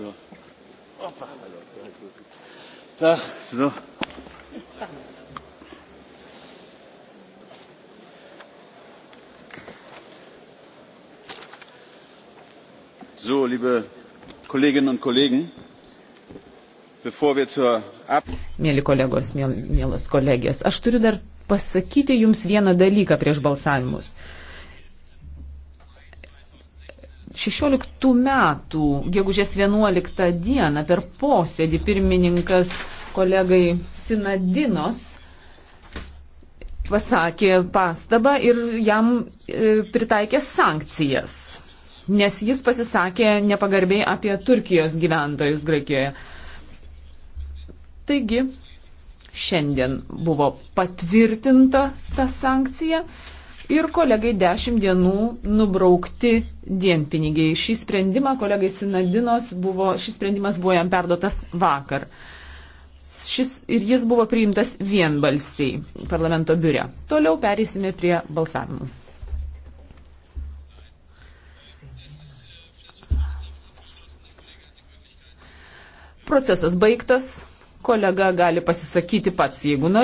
So. Opa. Tag, so. So, liebe Kolleginnen und Kollegen, bevor wir zur Ab Mėly kolegos, mėl, mėlos kolegės, aš turiu dar pasakyti Jums vieną dalyką prieš balsavimus. 16 metų, gegužės 11 dieną per posėdį pirmininkas kolegai Sinadinos pasakė pastabą ir jam e, pritaikė sankcijas, nes jis pasisakė nepagarbiai apie Turkijos gyventojus Graikijoje. Taigi, šiandien buvo patvirtinta ta sankcija ir kolegai 10 dienų nubraukti dienpinigiai. Šį sprendimą kolegai Sinadinos buvo, šis sprendimas buvo jam perduotas vakar. Šis, ir jis buvo priimtas vienbalsiai parlamento biure. Toliau perėsime prie balsavimų. Procesas baigtas, kolega gali pasisakyti pats, jeigu nori.